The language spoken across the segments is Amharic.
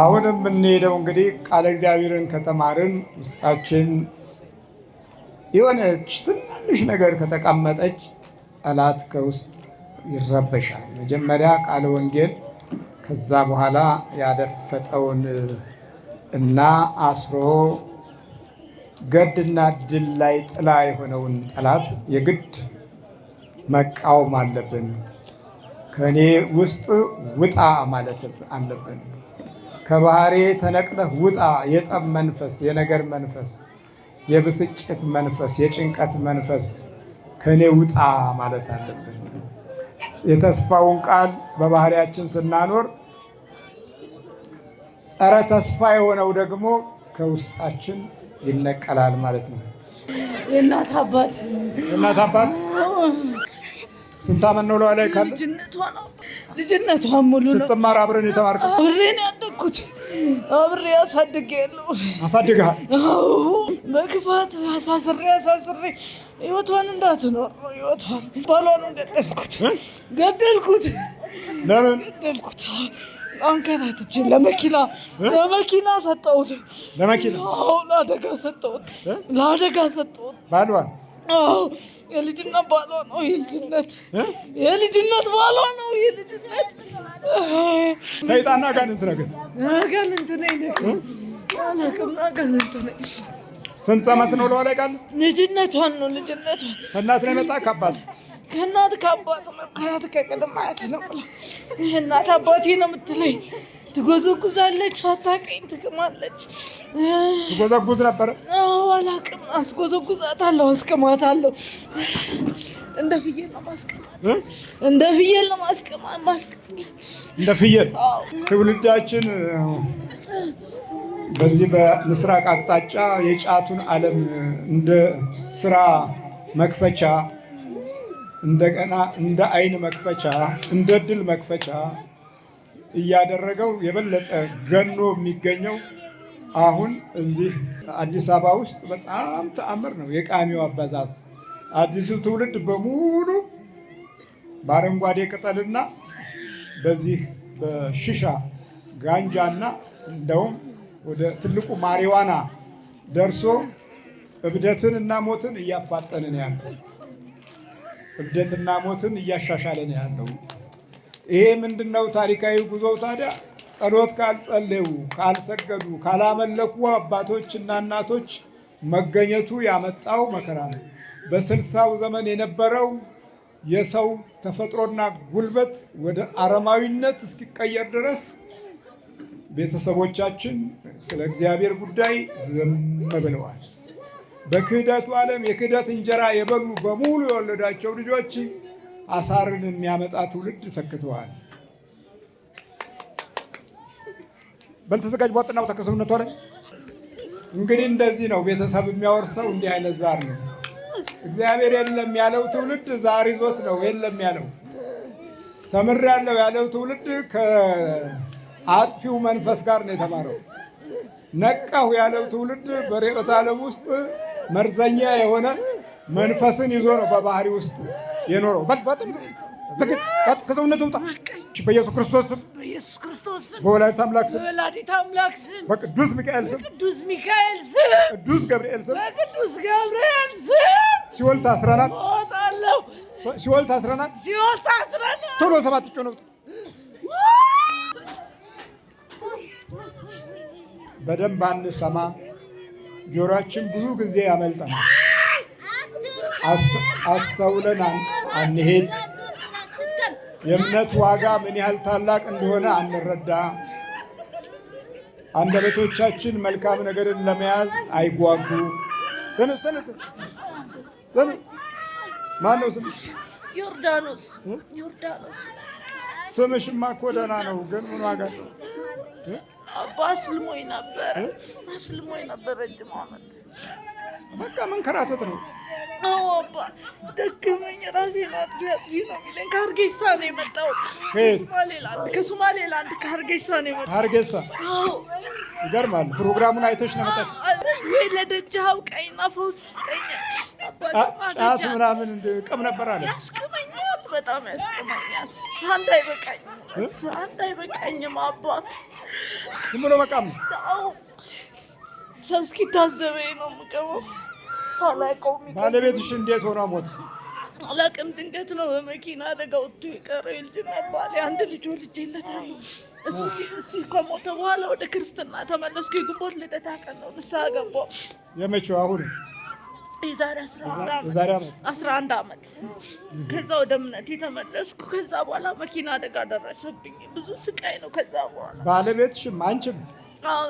አሁን የምንሄደው እንግዲህ ቃለ እግዚአብሔርን ከተማርን ውስጣችን የሆነች ትንሽ ነገር ከተቀመጠች ጠላት ከውስጥ ይረበሻል። መጀመሪያ ቃለ ወንጌል፣ ከዛ በኋላ ያደፈጠውን እና አስሮ ገድና ድል ላይ ጥላ የሆነውን ጠላት የግድ መቃወም አለብን። ከእኔ ውስጥ ውጣ ማለት አለብን። ከባህሬ ተነቅለህ ውጣ የጠብ መንፈስ፣ የነገር መንፈስ፣ የብስጭት መንፈስ፣ የጭንቀት መንፈስ ከእኔ ውጣ ማለት አለብን። የተስፋውን ቃል በባህሪያችን ስናኖር ጸረ ተስፋ የሆነው ደግሞ ከውስጣችን ይነቀላል ማለት ነው። የእናት አባት የእናት አባት ስንት ዓመት ነው ላይ ካለ ልጅነቷ ሙሉ ነው። ስትማር አብረን የተማርከው አብሬን ያደግኩት አብሬ አሳድጌ ያለው አሳድግሃል። በክፋት አሳስሬ አሳስሬ ህይወቷን እንዳትኖር ህይወቷን ባሏን ገደልኩት ገደልኩት። ለምን ገደልኩት? አንከራትቼ ለመኪና ለመኪና ሰጠሁት። ለመኪና ለአደጋ ሰጠሁት። ለአደጋ ሰጠሁት ባሏን የልጅነት ባሏ ነው። የልጅነት የልጅነት ባሏ ነው። የልጅነት ሰይጣን አጋንንት ነገር አጋንንት ነገር አላውቅም። አጋንንት ስንት ዓመት ነው? ለኋላ ቃል ልጅነቷን ነው ልጅነቷን ከእናት ነው የመጣ ከአባት ከእናት ከአባት ከአያት ከቅድም አያት ነው። እናት አባቴ ነው የምትለኝ ትጎዘጉዛለች፣ ሳታውቀኝ ትቅማለች። ትጎዘጉዝ አስጎዘጉዛታለሁ፣ አስቅማታለሁ። እንደ ፍየል ነው ማስቀማት፣ እንደ ፍየል ነው ማስቀማት፣ ማስቀማት እንደ ፍየል። ትውልዳችን በዚህ በምስራቅ አቅጣጫ የጫቱን ዓለም እንደ ስራ መክፈቻ እንደገና እንደ አይን መክፈቻ እንደ ድል መክፈቻ እያደረገው የበለጠ ገኖ የሚገኘው አሁን እዚህ አዲስ አበባ ውስጥ በጣም ተአምር ነው የቃሚው አበዛዝ። አዲሱ ትውልድ በሙሉ በአረንጓዴ ቅጠልና በዚህ በሽሻ ጋንጃና እንደውም ወደ ትልቁ ማሪዋና ደርሶ እብደትን እና ሞትን እያፋጠንን ያለው እብደትና ሞትን እያሻሻለን ያለው ይሄ ምንድን ነው ታሪካዊ ጉዞው? ታዲያ ጸሎት ካልጸለዩ፣ ካልሰገዱ፣ ካላመለኩ አባቶችና እናቶች መገኘቱ ያመጣው መከራ ነው። በስልሳው ዘመን የነበረው የሰው ተፈጥሮና ጉልበት ወደ አረማዊነት እስኪቀየር ድረስ ቤተሰቦቻችን ስለ እግዚአብሔር ጉዳይ ዝም ብለዋል። በክህደቱ ዓለም የክህደት እንጀራ የበሉ በሙሉ የወለዳቸው ልጆች አሳርን የሚያመጣ ትውልድ ተክተዋል። በልተዘጋጅ በጥናው ተከሰውነት ሆነ። እንግዲህ እንደዚህ ነው ቤተሰብ የሚያወርሰው እንዲህ አይነት ዛር ነው። እግዚአብሔር የለም ያለው ትውልድ ዛር ይዞት ነው የለም ያለው። ተምሬያለሁ ያለው ትውልድ ከአጥፊው መንፈስ ጋር ነው የተማረው። ነቃሁ ያለው ትውልድ በርዕዮተ ዓለም ውስጥ መርዘኛ የሆነ መንፈስን ይዞ ነው በባህሪ ውስጥ የኖረው። ከሰውነት ውጣ በኢየሱስ ክርስቶስ ስም፣ በወላዲተ አምላክ ስም፣ በቅዱስ ሚካኤል ስም፣ በቅዱስ ገብርኤል ስም፣ በቅዱስ ገብርኤል ስም ሲወል ታስረናል፣ ሲወል ታስረናል። ቶሎ ሰባት ነው። በደንብ አንሰማ፣ ጆሮአችን ብዙ ጊዜ ያመልጠናል። አስተውለን አንሄድ። የእምነት ዋጋ ምን ያህል ታላቅ እንደሆነ አንረዳ። አንደበቶቻችን መልካም ነገርን ለመያዝ አይጓጉ። ማነው ዮርዳኖስ። ዮርዳኖስ ስምሽማ እኮ ደህና ነው፣ ግን ምን ዋጋ አባ አስልሞኝ አስልሞኝ በቃ መንከራተት ነው። አባ ደከመኝ፣ ራሴን አጥፊ ነው የሚለኝ። ከሀርጌሳ ነው የመጣው፣ ከሀርጌሳ ነው የመጣው። ሀርጌሳ ይገርማል። ፕሮግራሙን አይቶች ነው ወይ ለደጃው ቀይና ፈውስ ቀኛ ምናምን ቅም ነበር አለ። ያስቅመኛል፣ በጣም ያስቅመኛል። አንድ አይበቃኝም፣ አንድ አይበቃኝም አባ መቃም ነው ሰው እስኪታዘበኝ ነው የምቀመው። አላውቀውም። ባለቤትሽ እንዴት ሆና ሞት? አላውቅም። ድንገት ነው በመኪና አደጋ ወጥቶ የቀረው የልጅና ባሌ አንድ ልጅ ወልጄለታለሁ። እሱ ሲሲ ከሞተ በኋላ ወደ ክርስትና ተመለስኩ። የግንቦት ልደታ ቀን ነው ንስሐ ገባሁ። የመቼው አሁን አስራ አንድ ዓመት ከዛ ወደ እምነት የተመለስኩ። ከዛ በኋላ መኪና አደጋ ደረሰብኝ። ብዙ ስቃይ ነው ከዛ በኋላ ባለቤትሽም አንቺም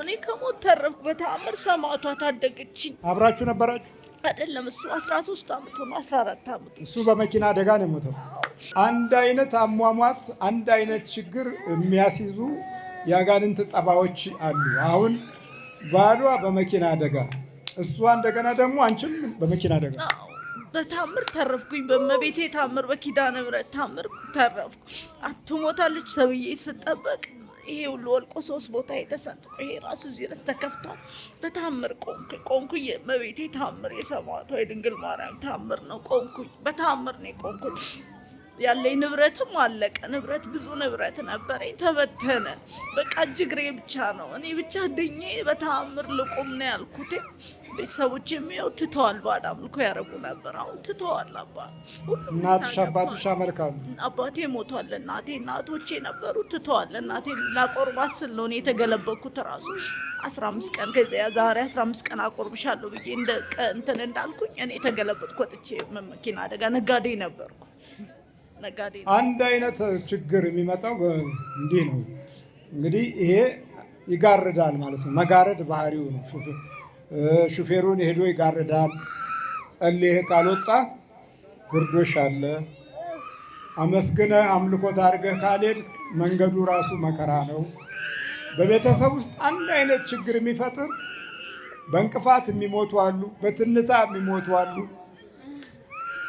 እኔ ከሞት ተረፍኩ። በተአምር ሰማዕቷ ታደገችኝ። አብራችሁ ነበራችሁ? አይደለም። እሱ 13 ዓመት ነው 14 ዓመት እሱ በመኪና አደጋ ነው የሞተው። አንድ አይነት አሟሟት፣ አንድ አይነት ችግር የሚያስይዙ የአጋንንት ጠባዎች አሉ። አሁን ባሏ በመኪና አደጋ፣ እሷ እንደገና ደግሞ አንቺም በመኪና አደጋ። በታምር ተረፍኩኝ። በመቤቴ ታምር፣ በኪዳነ ምሕረት ታምር ተረፍኩ። አትሞታለች ተብዬ ስጠበቅ ይሄ ሁሉ ወልቆ ሶስት ቦታ የተሰጠው ይሄ ራሱ እዚህ ረስ ተከፍቷል። በታምር ቆንኩ ቆምኩ። የእመቤቴ ታምር የሰማዕቷ የድንግል ማርያም ታምር ነው። ቆምኩ በታምር ነው ያለኝ ንብረትም አለቀ። ንብረት ብዙ ንብረት ነበረኝ፣ ተበተነ። በቃ እጅግሬ ብቻ ነው። እኔ ብቻ ድኜ በተአምር ልቁም ነው ያልኩት። ቤተሰቦች የሚው ትተዋል። ባዳ አምልኮ ያደረጉ ነበር፣ አሁን ትተዋል። አባ እናትሽ አባትሽ አመልካሉ። አባቴ ሞቷል። እናቴ እናቶቼ ነበሩ፣ ትተዋል። እናቴ ላቆርባት ስለሆነ የተገለበኩት ራሱ አስራ አምስት ቀን ከዚያ ዛሬ አስራ አምስት ቀን አቆርብሻለሁ ብዬ እንትን እንዳልኩኝ እኔ የተገለበጥኩ ወጥቼ መኪና አደጋ ነጋዴ ነበርኩ። አንድ አይነት ችግር የሚመጣው እንዲህ ነው እንግዲህ ይሄ ይጋርዳል ማለት ነው። መጋረድ ባህሪው ነው። ሹፌሩን ሄዶ ይጋርዳል። ጸልዬ ካልወጣ ግርዶሽ አለ። አመስግነህ አምልኮት አድርገህ ካልሄድ መንገዱ ራሱ መከራ ነው። በቤተሰብ ውስጥ አንድ አይነት ችግር የሚፈጥር በእንቅፋት የሚሞቱ አሉ፣ በትንታ የሚሞቱ አሉ።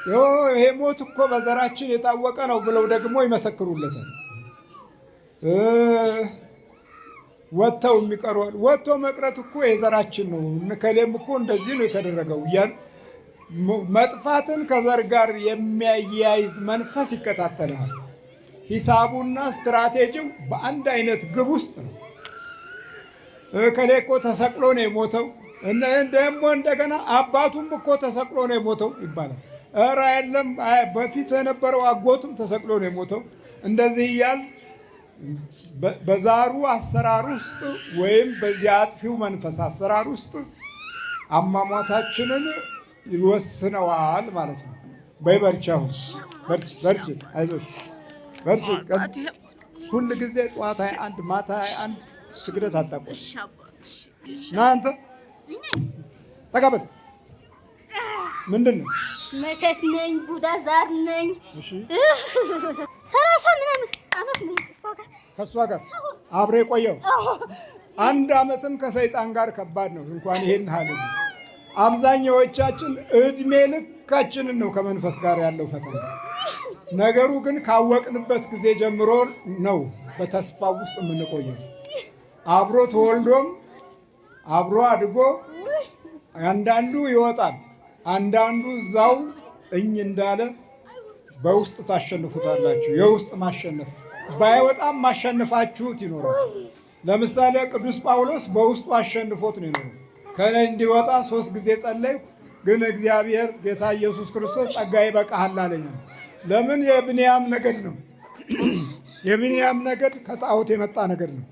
ይሄ ሞት እኮ በዘራችን የታወቀ ነው ብለው ደግሞ ይመሰክሩለታል። ወጥተው የሚቀሯል ወጥቶ መቅረት እኮ የዘራችን ነው ከሌም እኮ እንደዚህ ነው የተደረገው እያል መጥፋትን ከዘር ጋር የሚያያይዝ መንፈስ ይከታተልሃል። ሂሳቡና ስትራቴጂው በአንድ አይነት ግብ ውስጥ ነው። እከሌ እኮ ተሰቅሎ ነው የሞተው፣ ደግሞ እንደገና አባቱም እኮ ተሰቅሎ ነው የሞተው ይባላል። እረ የለም በፊት የነበረው አጎቱም ተሰቅሎ ነው የሞተው። እንደዚህ እያል በዛሩ አሰራር ውስጥ ወይም በዚህ አጥፊው መንፈስ አሰራር ውስጥ አሟሟታችንን ይወስነዋል ማለት ነው። በይ በርቺ፣ አሁን በርቺ፣ አይዞሽ፣ በርቺ። ሁል ጊዜ ጠዋት ሃያ አንድ ማታ ሃያ አንድ ስግደት አጣቆ እናንተ ተቀበል ምንድን ነው? መተት ነኝ፣ ቡዳ ዛር ነኝ። እሺ፣ ሰላሳ ምናምን አመት ነኝ ከእሷ ጋር አብሬ ቆየው። አንድ አመትም ከሰይጣን ጋር ከባድ ነው። እንኳን ይሄን ሀል አብዛኛዎቻችን እድሜ ልካችንን ነው ከመንፈስ ጋር ያለው ፈተና። ነገሩ ግን ካወቅንበት ጊዜ ጀምሮ ነው በተስፋ ውስጥ የምንቆየው። አብሮ ተወልዶም አብሮ አድጎ አንዳንዱ ይወጣል አንዳንዱ እዛው እኝ እንዳለ በውስጥ ታሸንፉታላችሁ። የውስጥ ማሸነፍ ባይወጣም ማሸንፋችሁት ይኖራል። ለምሳሌ ቅዱስ ጳውሎስ በውስጡ አሸንፎት ነው ይኖሩ ከነ እንዲወጣ ሶስት ጊዜ ጸለይኩ፣ ግን እግዚአብሔር ጌታ ኢየሱስ ክርስቶስ ጸጋዬ በቃሃል አለኝ። ለምን? የብንያም ነገድ ነው። የብንያም ነገድ ከጣዖት የመጣ ነገድ ነው።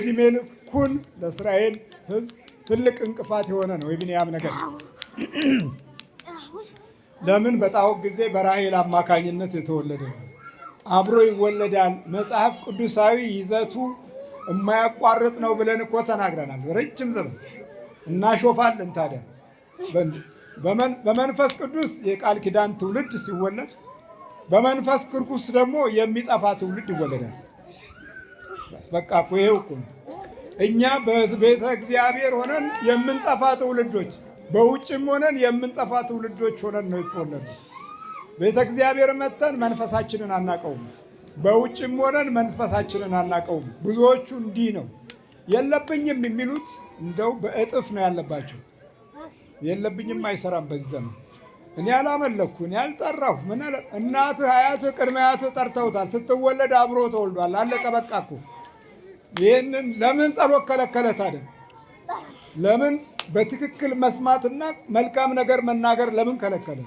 እድሜ ልኩን ለእስራኤል ሕዝብ ትልቅ እንቅፋት የሆነ ነው የብንያም ነገድ ለምን በጣዖት ጊዜ በራሄል አማካኝነት የተወለደ አብሮ ይወለዳል። መጽሐፍ ቅዱሳዊ ይዘቱ የማያቋርጥ ነው ብለን እኮ ተናግረናል። ረጅም ዘመን እናሾፋለን። ታዲያ በመንፈስ ቅዱስ የቃል ኪዳን ትውልድ ሲወለድ፣ በመንፈስ ቅዱስ ደግሞ የሚጠፋ ትውልድ ይወለዳል። በቃ ይሄው እኮ እኛ በቤተ እግዚአብሔር ሆነን የምንጠፋ ትውልዶች በውጭም ሆነን የምንጠፋ ትውልዶች ሆነን ነው የተወለዱ። ቤተ እግዚአብሔር መተን መንፈሳችንን አናቀውም። በውጭም ሆነን መንፈሳችንን አናቀውም። ብዙዎቹ እንዲህ ነው የለብኝም የሚሉት እንደው በእጥፍ ነው ያለባቸው። የለብኝም አይሰራም። በዚህ ዘመን እኔ አላመለኩ እኔ አልጠራሁ ምን አለ እናትህ አያትህ ቅድመ አያትህ ጠርተውታል። ስትወለድ አብሮ ተወልዷል። አለቀ በቃ እኮ ይህንን ለምን ጸሎት ከለከለ ታዲያ ለምን በትክክል መስማትና መልካም ነገር መናገር ለምን ከለከለ?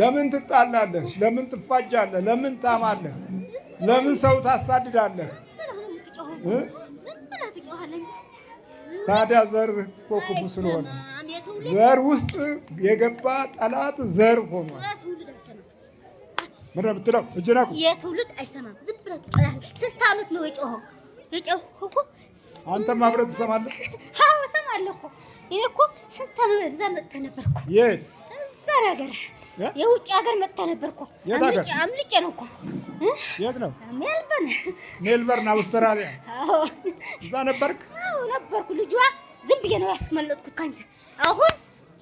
ለምን ትጣላለህ? ለምን ትፋጃለህ? ለምን ታማለህ? ለምን ሰው ታሳድዳለህ? ታዲያ ዘር እኮ ክፉ ስለሆነ ዘር ውስጥ የገባ ጠላት ዘር ሆኗል። ምን ነው የምትለው? እጅ ነህ የትውልድ አይሰማም። ዝም ብለህ ስንት ዓመት ነው የጮኸው? የጨውኩ አንተም አብረህ ትሰማለህ? አዎ እሰማለሁ እኮ እኔ እኮ ስንት ዓመት እዛ መጥተህ ነበር የት እዛ ነገር የውጭ ሀገር መጥተህ ነበር አምልጬ ነው እኮ። የት ነው? ሜልበርን። ሜልበርን አውስትራሊያ። እዛ ነበርክ? አዎ ነበርኩ። ልጇ ዝም ብዬ ነው ያስመለጥኩት ካንተ። አሁን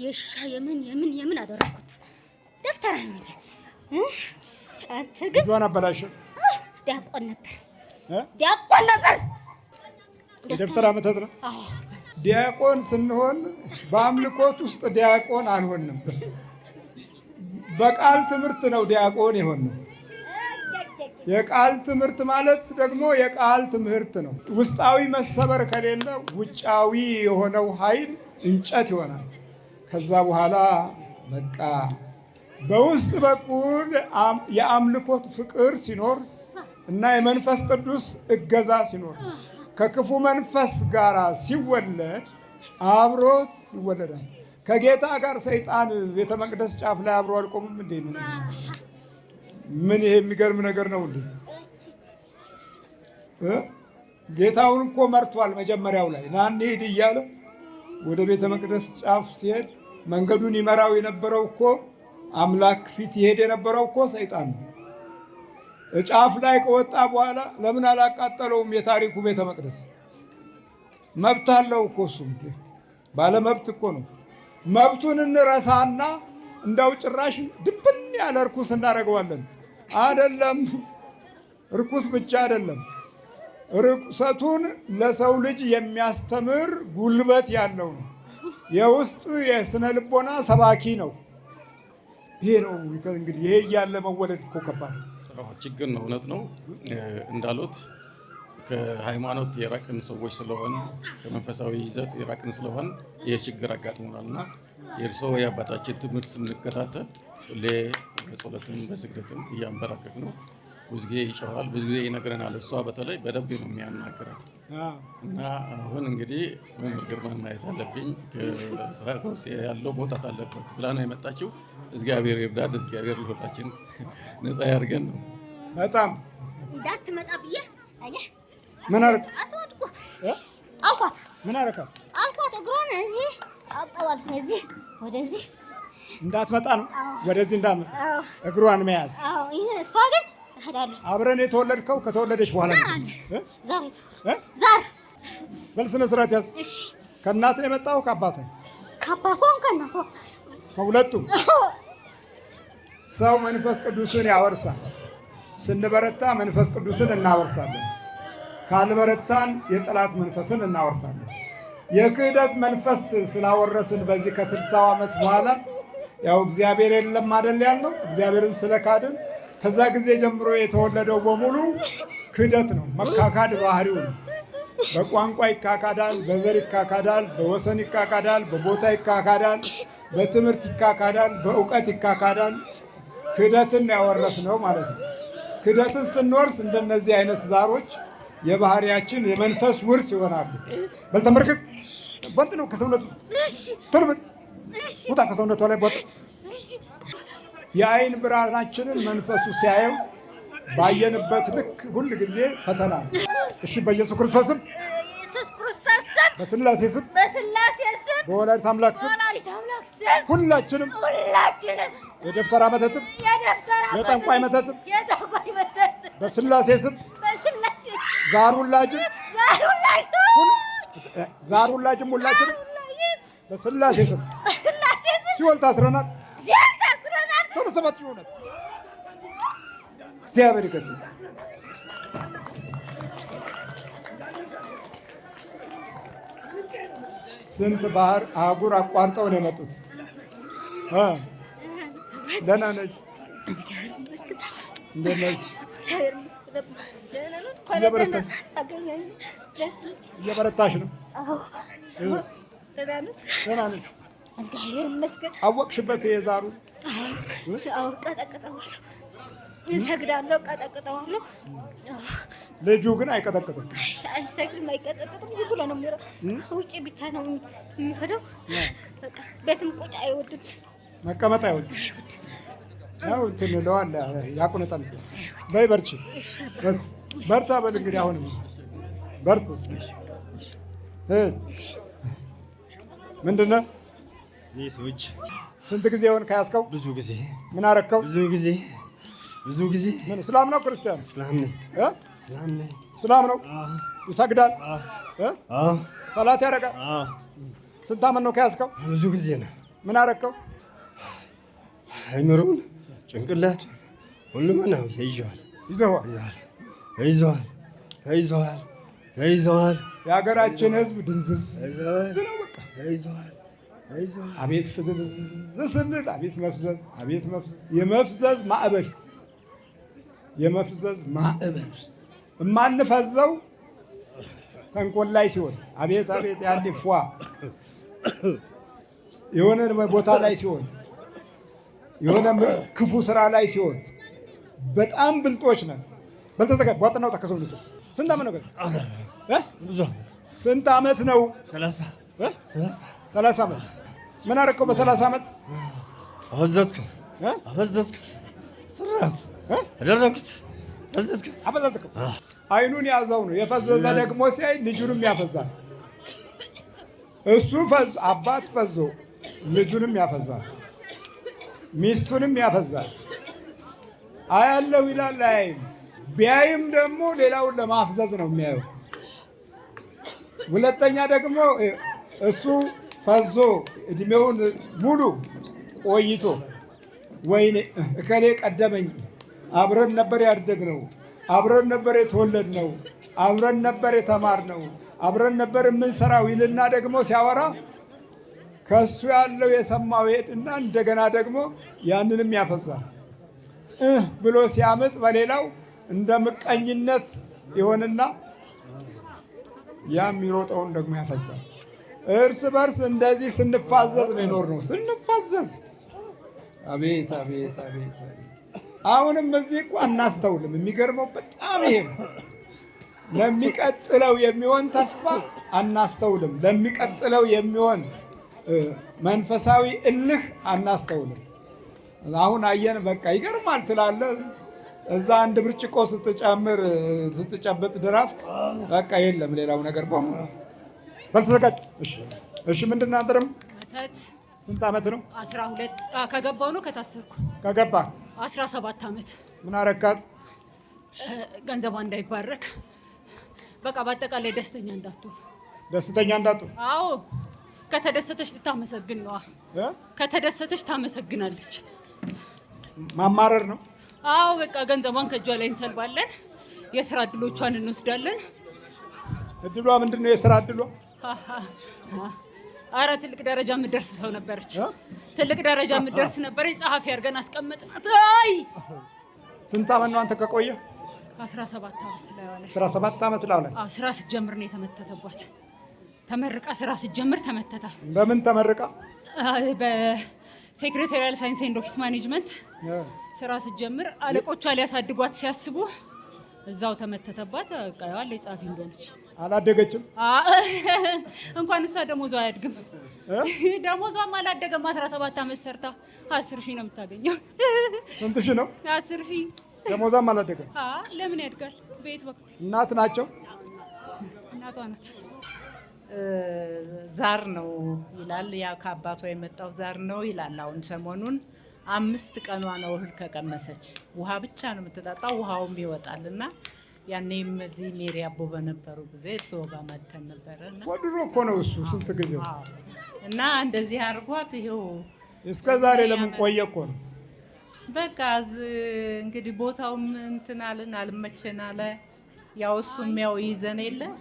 የሻ የምን የምን የምን አደረኩት ደፍተራ ነው። አንተ ግን ልጇን አበላሸው። ዲያቆን ነበር ዲያቆን ነበር። የደብተር ዓመታት ነው። ዲያቆን ስንሆን በአምልኮት ውስጥ ዲያቆን አልሆንም። በቃል ትምህርት ነው ዲያቆን የሆነው። የቃል ትምህርት ማለት ደግሞ የቃል ትምህርት ነው። ውስጣዊ መሰበር ከሌለ ውጫዊ የሆነው ኃይል እንጨት ይሆናል። ከዛ በኋላ በቃ በውስጥ በኩል የአምልኮት ፍቅር ሲኖር እና የመንፈስ ቅዱስ እገዛ ሲኖር ከክፉ መንፈስ ጋር ሲወለድ አብሮት ይወለዳል። ከጌታ ጋር ሰይጣን ቤተ መቅደስ ጫፍ ላይ አብሮ አልቆሙም እንዴ? ምን ይሄ የሚገርም ነገር ነው እንዴ? ጌታውን እኮ መርቷል። መጀመሪያው ላይ ና እንሂድ እያለ ወደ ቤተ መቅደስ ጫፍ ሲሄድ መንገዱን ይመራው የነበረው እኮ አምላክ ፊት ይሄድ የነበረው እኮ ሰይጣን ነው። ጫፍ ላይ ከወጣ በኋላ ለምን አላቃጠለውም? የታሪኩ ቤተ መቅደስ መብት አለው እኮ ባለ ባለመብት እኮ ነው። መብቱን እንረሳና እንዳው ጭራሽ ድብን ያለ እርኩስ እናደርገዋለን። አደለም እርኩስ ብቻ አደለም፣ ርኩሰቱን ለሰው ልጅ የሚያስተምር ጉልበት ያለው ነው። የውስጥ የስነ ልቦና ሰባኪ ነው። ይሄ ነው እንግዲህ ይሄ እያለ መወለድ እኮ ከባድ ችግር ነው፣ እውነት ነው እንዳሉት ከሃይማኖት የራቅን ሰዎች ስለሆን ከመንፈሳዊ ይዘት የራቅን ስለሆን ይህ ችግር አጋጥሞናል እና የእርስዎ የአባታችን ትምህርት ስንከታተል ሁሌ በጸሎትም በስግደትም እያንበራከክ ነው ብዙ ጊዜ ይጮሃል፣ ብዙ ጊዜ ይነግረናል። እሷ በተለይ በደንብ ነው የሚያናግራት እና አሁን እንግዲህ መምህር ግርማን ማየት አለብኝ ከውስጥ ያለው መውጣት አለበት ብላ ነው የመጣችው። እግዚአብሔር ይርዳን፣ እግዚአብሔር ልሆናችን ነፃ ያድርገን ነው በጣም እንዳትመጣ ብዬ ምን አረግ አልኳት፣ ምን አረካት አልኳት፣ እግሮን አብጠባል እዚህ ወደዚህ እንዳትመጣ ነው ወደዚህ እንዳትመጣ እግሯን መያዝ እሷ ግን አብረን የተወለድከው ከተወለደች በኋላ ዛሬ በል ስነ ስርዓት ያዝ። ከእናት ነው የመጣው? ከአባት ነው? ከአባቷም ከእናቷ ከሁለቱም። ሰው መንፈስ ቅዱስን ያወርሳል። ስንበረታ መንፈስ ቅዱስን እናወርሳለን። ካልበረታን የጠላት መንፈስን እናወርሳለን። የክህደት መንፈስ ስላወረስን በዚህ ከስልሳው ዓመት በኋላ ያው እግዚአብሔር የለም አይደል ያለው እግዚአብሔርን ስለካድን ከዛ ጊዜ ጀምሮ የተወለደው በሙሉ ክህደት ነው። መካካድ ባህሪው ነው። በቋንቋ ይካካዳል፣ በዘር ይካካዳል፣ በወሰን ይካካዳል፣ በቦታ ይካካዳል፣ በትምህርት ይካካዳል፣ በእውቀት ይካካዳል። ክህደትን ያወረስ ነው ማለት ነው። ክህደትን ስንወርስ እንደነዚህ አይነት ዛሮች የባህሪያችን የመንፈስ ውርስ ይሆናሉ። በልተመርክክ በንት ነው ከሰውነቱ ትርብን ውጣ ከሰውነቷ ላይ የአይን ብርሃናችንን መንፈሱ ሲያየው ባየንበት ልክ ሁል ጊዜ ፈተና ነው። እሺ፣ በኢየሱስ ክርስቶስ ስም በስላሴ ስም በወላዲተ አምላክ ስም ሁላችንም የደብተራ መተትም የጠንቋይ መተትም በስላሴ ስም ዛሩላጅም ዛሩላጅም ሁላችንም በስላሴ ስም ሲወልታ ታስረናል። ሰባት ይሆናል። እግዚአብሔር ይገስጽ። ስንት ባህር አህጉር አቋርጠው ነው የመጡት። ደህና ነች። እየበረታሽ ነው። እግዚአብሔር ይመስገን። አወቅሽበት የዛሩ እሰግዳለሁ፣ ቀጠቅጠዋለሁ። ልጁ ግን አይቀጠቅጥም፣ አይሰግድም፣ አይቀጠቅጥም። ዝም ብሎ ነው የሚለው። ውጭ ብቻ ነው የሚሄደው። ቤትም ቁጭ አይወድም፣ መቀመጥ አይወድም። ያው እንትን ለዋለ ያቁነጠን በይ፣ በርቺ፣ በርታ በል እንግዲህ አሁንም በርቱ። ምንድን ነው ሰዎች ስንት ጊዜ ሆን ከያዝከው? ብዙ ጊዜ። ምን አረከው? ብዙ ጊዜ ብዙ ጊዜ። ምን እስላም ነው ክርስቲያን? እስላም ነኝ። እስላም ነኝ። እስላም ነው። ይሰግዳል። ሰላት ያደርጋል። ስንት አመት ነው ከያዝከው? ብዙ ጊዜ ነው። ምን አረከው? አይምሮውን ጭንቅላት ሁሉ ምናው ይዘዋል ይዘዋል ይዘዋል ይዘዋል ይዘዋል። የሀገራችን ህዝብ ድንዝዝ ነው በቃ ይዘዋል አቤት ፍዘዝ ስንል አቤት መፍዘዝ፣ አቤት መፍዘዝ፣ የመፍዘዝ ማዕበል፣ የመፍዘዝ ማዕበል እማንፈዘው ተንኮል ላይ ሲሆን አቤት አቤት ያኔ ፏ የሆነ ቦታ ላይ ሲሆን የሆነ ክፉ ስራ ላይ ሲሆን በጣም ብልጦች ነን። በልተዘጋ ጓጥናውጣ ጠከሰው ልጦ ስንት ዓመት ነው? ስንት ዓመት ነው? ሰላሳ ዓመት ምን አደረከው? በሰላሳ ዓመት አበዛዝኩት አበዛዝኩት ስራት አደረኩት አበዛዝኩት አበዛዝኩት። አይኑን ያዘው ነው የፈዘዘ ደግሞ ሲያይ ልጁንም ያፈዛል። እሱ ፈዝ አባት ፈዞ ልጁንም ያፈዛል፣ ሚስቱንም ያፈዛል። አያለው ይላል አያይም። ቢያይም ደግሞ ሌላውን ለማፍዘዝ ነው የሚያየው። ሁለተኛ ደግሞ እሱ ፈዞ እድሜውን ሙሉ ቆይቶ ወይኔ እከሌ ቀደመኝ፣ አብረን ነበር ያደግነው፣ አብረን ነበር የተወለድነው፣ አብረን ነበር የተማርነው፣ አብረን ነበር የምንሰራው ይልና ደግሞ ሲያወራ ከሱ ያለው የሰማው እና እንደገና ደግሞ ያንንም ያፈዛል እህ ብሎ ሲያምጥ በሌላው እንደ ምቀኝነት ይሆንና ያ የሚሮጠውን ደግሞ ያፈዛል። እርስ በርስ እንደዚህ ስንፋዘዝ ነው የኖርነው። ስንፋዘዝ አቤት አቤት አቤት። አሁንም እዚህ እኮ አናስተውልም። የሚገርመው በጣም ይሄ ነው። ለሚቀጥለው የሚሆን ተስፋ አናስተውልም። ለሚቀጥለው የሚሆን መንፈሳዊ እልህ አናስተውልም። አሁን አየን፣ በቃ ይገርማል ትላለህ። እዛ አንድ ብርጭቆ ስትጨምር ስትጨብጥ ድራፍት በቃ የለም ሌላው ነገር በሙሉ በልተዘጋጅ እሺ፣ እሺ። ምንድን ነው አንተ መተት ስንት ዓመት ነው? 12 ከገባው ነው ከታሰርኩ ከገባ 17 ዓመት። ምን አረካት? ገንዘቧ እንዳይባረክ በቃ በአጠቃላይ ደስተኛ እንዳትሆን ደስተኛ እንዳትሆን። አዎ፣ ከተደሰተች ልታመሰግን ነዋ። ከተደሰተች ታመሰግናለች። ማማረር ነው። አዎ፣ በቃ ገንዘቧን ከእጇ ላይ እንሰልባለን፣ የስራ እድሎቿን እንወስዳለን። እድሏ ምንድን ነው? የስራ እድሏ አረ ትልቅ ደረጃ የምትደርስ ሰው ነበረች። ትልቅ ደረጃ የምትደርስ ነበረች። ጸሐፊ አድርገን አስቀመጥናት። አይ ስንት ዓመት ነው አንተ ከቆየ? አስራ ሰባት ዓመት ላይ ዋለ። አስራ ሰባት ዓመት ላይ ዋለ። ስራ ስትጀምር ነው የተመተተባት። ተመርቃ ስራ ስትጀምር ተመተታ። በምን ተመርቃ? በሴክሬታሪያል ሳይንስ ኤንድ ኦፊስ ማኔጅመንት ስራ ስትጀምር አለቆቿ ሊያሳድጓት ሲያስቡ እዛው ተመተተባት። ቀዋለ ጻፊ እንደሆነች አላደገችም። እንኳን እሷ ደሞዟ አያድግም። ደሞዟም አላደገም። 17 ዓመት ሰርታ 10 ሺህ ነው የምታገኘው። ስንት ሺህ ነው? 10 ሺህ። ደሞዟም አላደገም። ለምን ያድጋል? ቤት በቃ እናት ናቸው። እናቷ ናት። ዛር ነው ይላል ያ ከአባቷ የመጣው ዛር ነው ይላል። አሁን ሰሞኑን አምስት ቀኗ ነው እህል ከቀመሰች። ውሃ ብቻ ነው የምትጠጣው፣ ውሃውም ይወጣል እና ያኔም እዚህ ሜሪ አቦ በነበሩ ጊዜ እርስዎ ጋር መተን ነበረ። ድሮ እኮ ነው እሱ ስንት ጊዜ እና እንደዚህ አድርጓት ይኸው እስከ ዛሬ ለምን ቆየ እኮ ነው። በቃ እንግዲህ ቦታውም እንትን አልን አልመቸን አለ። ያው እሱም ያው ይዘን የለን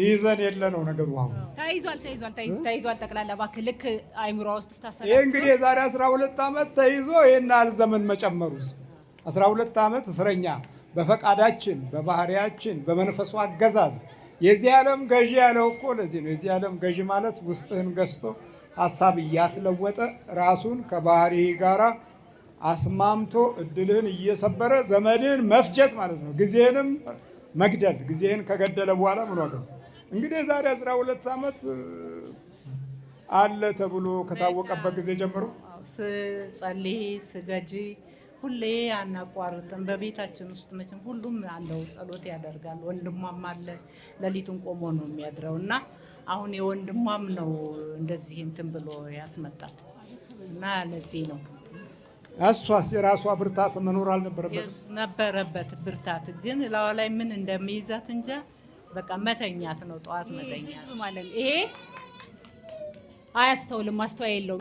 ይዘን የለ ነው ነገሩ። አሁን ተይዟል ተይዟል ተይዟል። ጠቅላላ እባክህ ልክ አይምሮ ውስጥ ስታሰራ ይህ እንግዲህ የዛሬ 12 ዓመት ተይዞ ይህን ያህል ዘመን መጨመሩስ 12 ዓመት እስረኛ በፈቃዳችን በባህሪያችን በመንፈሱ አገዛዝ የዚህ ዓለም ገዢ ያለው እኮ ለዚህ ነው። የዚህ ዓለም ገዢ ማለት ውስጥህን ገዝቶ ሀሳብ እያስለወጠ ራሱን ከባህሪ ጋራ አስማምቶ እድልህን እየሰበረ ዘመድህን መፍጀት ማለት ነው ጊዜህንም መግደል ጊዜህን ከገደለ በኋላ ምን ዋጋ እንግዲህ የዛሬ አስራ ሁለት ዓመት አለ ተብሎ ከታወቀበት ጊዜ ጀምሮ ስጸልይ ስገጂ ሁሌ አናቋርጥም። በቤታችን ውስጥ መቼም ሁሉም አለው ጸሎት ያደርጋል። ወንድሟም አለ ሌሊቱን ቆሞ ነው የሚያድረው እና አሁን የወንድሟም ነው እንደዚህ እንትን ብሎ ያስመጣል እና ለዚህ ነው እሷስ የራሷ ብርታት መኖር አልነበረበት ነበረበት። ብርታት ግን ላዋ ላይ ምን እንደሚይዛት እንጃ። በቃ መተኛት ነው፣ ጠዋት መተኛት ማለት ነው። ይሄ አያስተውልም፣ ማስተዋይ የለውም።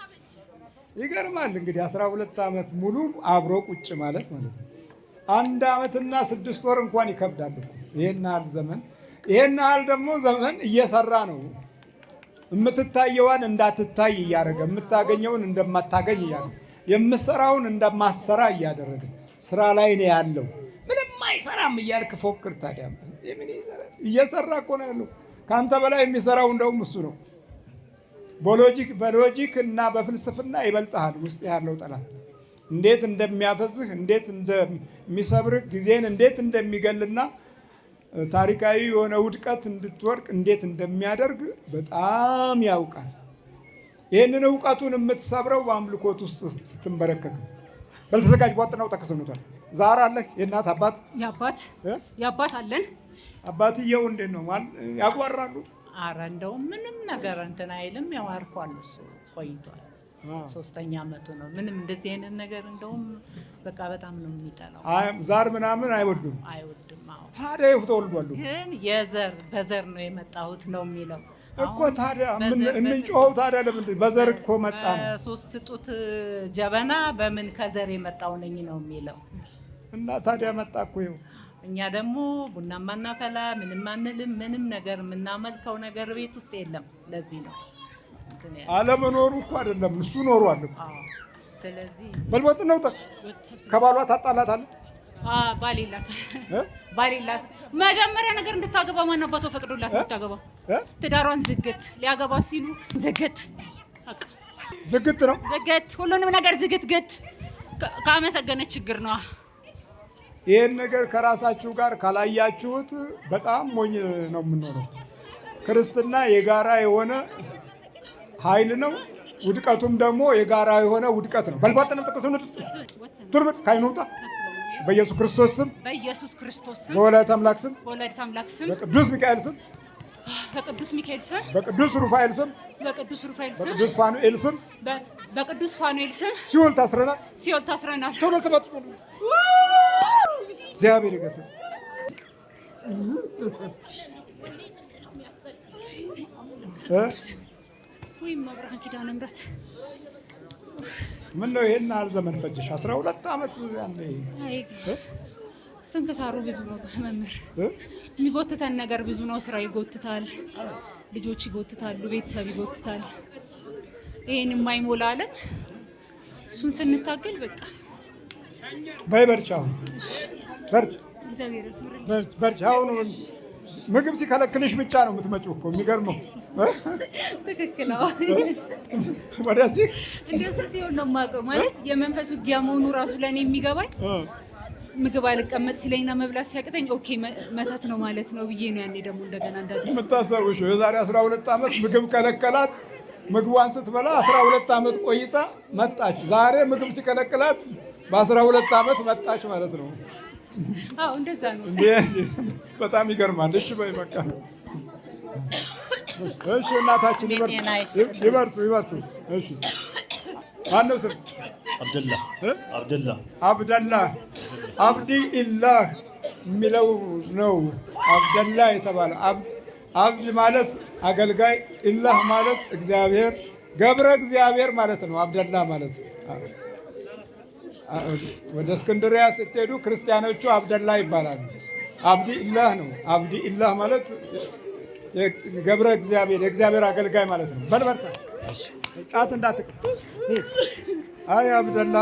ይገርማል። እንግዲህ አስራ ሁለት ዓመት ሙሉ አብሮ ቁጭ ማለት ማለት ነው። አንድ ዓመትና ስድስት ወር እንኳን ይከብዳል እኮ ይሄን ያህል ዘመን። ይሄን ያህል ደግሞ ዘመን እየሰራ ነው የምትታየዋን እንዳትታይ እያደረገ የምታገኘውን እንደማታገኝ እያደረገ የምሰራውን እንደማሰራ እያደረገ ስራ ላይ ነው ያለው። ምንም አይሰራም እያልክ ፎክር። ታዲያ እየሰራ እኮ ነው ያለው። ከአንተ በላይ የሚሰራው እንደውም እሱ ነው። በሎጂክ በሎጂክ እና በፍልስፍና ይበልጥሃል። ውስጥ ያለው ጠላት እንዴት እንደሚያፈስህ እንዴት እንደሚሰብርህ ጊዜን እንዴት እንደሚገልና ታሪካዊ የሆነ ውድቀት እንድትወርቅ እንዴት እንደሚያደርግ በጣም ያውቃል። ይህንን እውቀቱን የምትሰብረው በአምልኮት ውስጥ ስትንበረከክ በልተዘጋጅ ቧጥናው ጠቅሰኑታል። ዛር አለህ የእናት አባት የአባት አለን። አባትየው እንዴት ነው ያጓራሉ? አረ እንደውም ምንም ነገር እንትን አይልም። ያው አርፏል እሱ ቆይቷል። ሶስተኛ አመቱ ነው። ምንም እንደዚህ አይነት ነገር እንደውም በቃ በጣም ነው የሚጠላው። ዛር ምናምን አይወዱም አይወድም። ታዲያ ተወልዷሉ ግን የዘር በዘር ነው የመጣሁት ነው የሚለው እኮ ታዲያ የምንጮኸው ታዲያ ለምንድን በዘር እኮ መጣ ነው። ሶስት ጡት ጀበና በምን ከዘር የመጣው ነኝ ነው የሚለው እና ታዲያ መጣ እኮ ይኸው። እኛ ደግሞ ቡና ማናፈላ ምንም አንልም። ምንም ነገር የምናመልከው ነገር ቤት ውስጥ የለም። ለዚህ ነው አለመኖሩ እኮ አይደለም እሱ ኖሩ አለ። ስለዚህ በልወጥ ነው ከባሏ ታጣላታለህ። ባሌላት ባሌላት መጀመሪያ ነገር እንድታገባ ማን አባቷ ፈቅዶላት እንድታገባ? ትዳሯን ዝግት ሊያገባ ሲሉ ዝግት ዝግት ነው ዝግት፣ ሁሉንም ነገር ዝግት ግት ካመሰገነ ችግር ነው። ይህን ነገር ከራሳችሁ ጋር ካላያችሁት በጣም ሞኝ ነው የምንሆነው። ክርስትና የጋራ የሆነ ኃይል ነው። ውድቀቱም ደግሞ የጋራ የሆነ ውድቀት ነው። በልባጠንም ጥቅስ ዱርብጥ ካይኑጣ በኢየሱስ ክርስቶስ ስም በኢየሱስ ክርስቶስ ስም በወላዲተ አምላክ ስም በወላዲተ አምላክ ስም በቅዱስ ሚካኤል ስም በቅዱስ ሚካኤል ስም በቅዱስ ሩፋኤል ስም በቅዱስ ሩፋኤል ስም በቅዱስ ፋኑኤል ስም በቅዱስ ፋኑኤል ስም ሲኦል ታስረናል፣ ሲኦል ታስረናል። ቶሎ ሰባት ነው። እግዚአብሔር ይገሰጽ። ወይም አብርሃም ኪዳነ ምሕረት ምን ነው ይሄን አል ዘመን ፈጀሽ? 12 ዓመት ያለ ይሄ ስንክሳሩ ብዙ ነው። መምህር የሚጎትተን ነገር ብዙ ነው። ስራ ይጎትታል፣ ልጆች ይጎትታሉ፣ ቤተሰብ ይጎትታል። ይሄን የማይሞላ አለ። እሱን ስንታገል በቃ በይ በርቻው በርቻ ምግብ ሲከለክልሽ ብቻ ነው የምትመጪው እኮ የሚገርመው። ትክክል ወደዚህ እንደሱ ሲሆን ነው የማውቀው። ማለት የመንፈስ ውጊያ መሆኑ ራሱ ለእኔ የሚገባኝ ምግብ አልቀመጥ ሲለኝና መብላት ሲያቅተኝ ኦኬ መተት ነው ማለት ነው ብዬ ነው። ያኔ ደግሞ እንደገና እንዳ የምታስታውሽ የዛሬ 12 ዓመት ምግብ ከለከላት። ምግቧን ስትበላ 12 ዓመት ቆይታ መጣች። ዛሬ ምግብ ሲከለክላት በ12 ዓመት መጣች ማለት ነው። በጣም ይገርማል። እሺ በይ በቃ እሺ፣ እናታችን ይበርቱ ይበርቱ። እሺ፣ ማነው ስም? አብደላ አብደላ አብዲ ኢላህ የሚለው ነው። አብደላ የተባለ አብድ ማለት አገልጋይ፣ ኢላህ ማለት እግዚአብሔር፣ ገብረ እግዚአብሔር ማለት ነው። አብደላ ማለት ወደ እስክንድሪያ ስትሄዱ ክርስቲያኖቹ አብደላ ይባላሉ። አብዲ ኢላህ ነው። አብዲ ኢላህ ማለት ገብረ እግዚአብሔር የእግዚአብሔር አገልጋይ ማለት ነው። በልበርታ ጫት እንዳትቅ አይ አብደላ